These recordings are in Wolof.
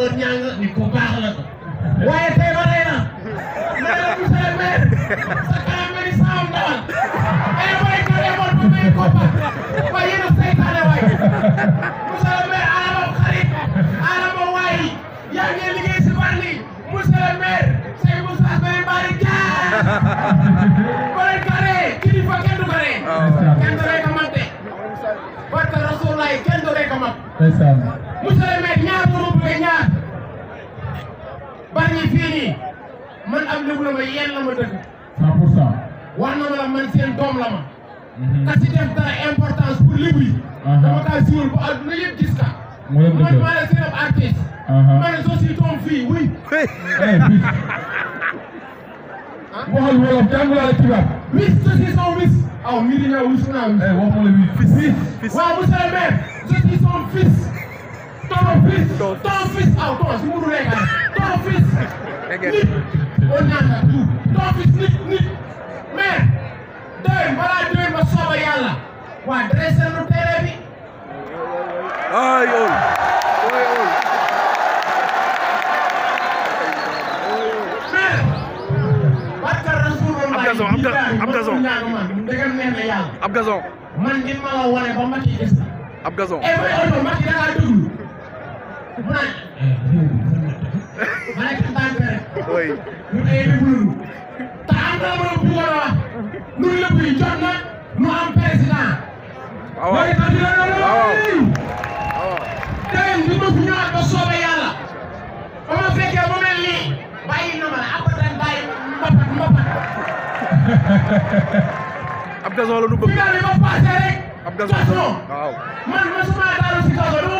heure ñaanga nit ku baax la ko waaye tey ba tey na nee na monsieur le maire sa kanam nga di saam dawal ay waay ka demoon ba may ko ba waaye yéen a seytaane waay monsieur le maire alama xarit alama waay yaa ngi liggéey si bandi monsieur le maire say Moussa Mbaye Mbaye Dia bari ñi fii nii man am déglu ma yéen la ma dëgg. 100 pour cent. na ma la man seen doom la ma. ka mhm. si def dara importance pour libre yi. Uh-huh. dama kaa siiwal bu àdduna yëpp gis ka. mooy dëgg uh-huh. man maa la seen ab soo siy doom fii wuy. Eh, ah? waxal wolof jàngulaa la tubaab. wis je suis son wis. aw mi di ñëw wis naa wis. Eh, waxuma la wis. fils fils waaw monsieur le maire. je suis son fils. ton fils. ton fils aw ah. ton si mu dul gerte. boo ñaata toog fi nit nit mais déwén balaa déwén ba sooba yàlla waa dressé lu tere bi. ay ool ay ool. mais. barka Rasulullah. ab gazon ab gazon man di ma la wane ba Macky gis ab gazon. et eh, puis oto Macky da ngaa déglu. mu tey di bululu te am na ma bu war a wax nun lépp yi jot na nu am président mooy tax dina na loolu tey bi ma fi ñëwaat ba soobe yàlla ba ma fekkee mu mel nii bàyyi na ma la abadan bàyyi mbapat mbapat ab gazon la du bëgg final bi ma passé rek ab gazon waaw man ma suma daanu si gazon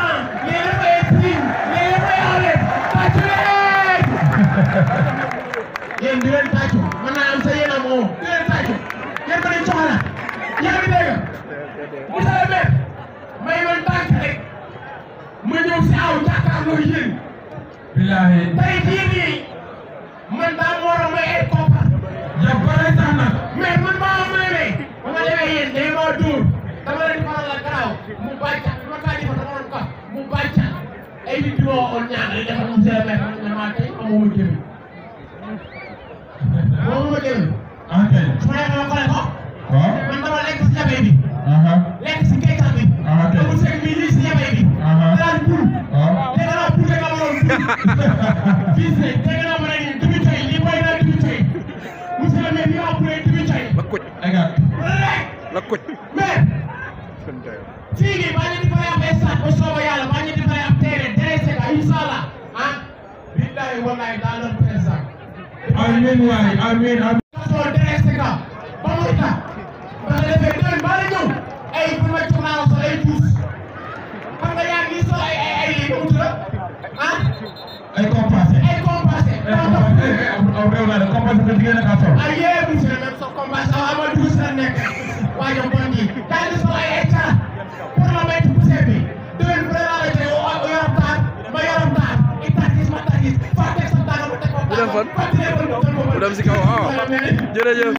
monsieur le maire may man tànk rek ma ñëw si aw jàkkaarloo yéen. billaahi tey jii nii man daa mu war a may ay koppar. jàppale sax na. mais man maa ma may ba ma demee yéen day maa dóor dama leen faral la garaaw mu bàcca ma tànn fa dama ko mu bàcca ay nit di ma waxoon ñaar rek dafa monsieur le maire man maa tey amoo jëmi. amoo jëmi. Ah, ok su ma yàgg ma ko waaw. Ah. fii nii baa ñu defaree am instant bu soobee yàlla baa ñu defaree am téere dresé ka incha allah ah. billahi wallahi daa doon président. amiin waay amiin amiin. soo dresé ka ba mu ta ba nga defee déwén ba la ñëw ay bu ma ci maa soo ay tuus xam nga yaa ngi soo ay ay ay lii ut la ah. ay compassé ay compassé. ay compassé eh, eh, aw réew la de compassé nga jigéen ak a sol. ay yéen monsieur le maire soo compassé aw amadou sa nekk waa fan mu dem si kaw ah jërëjëf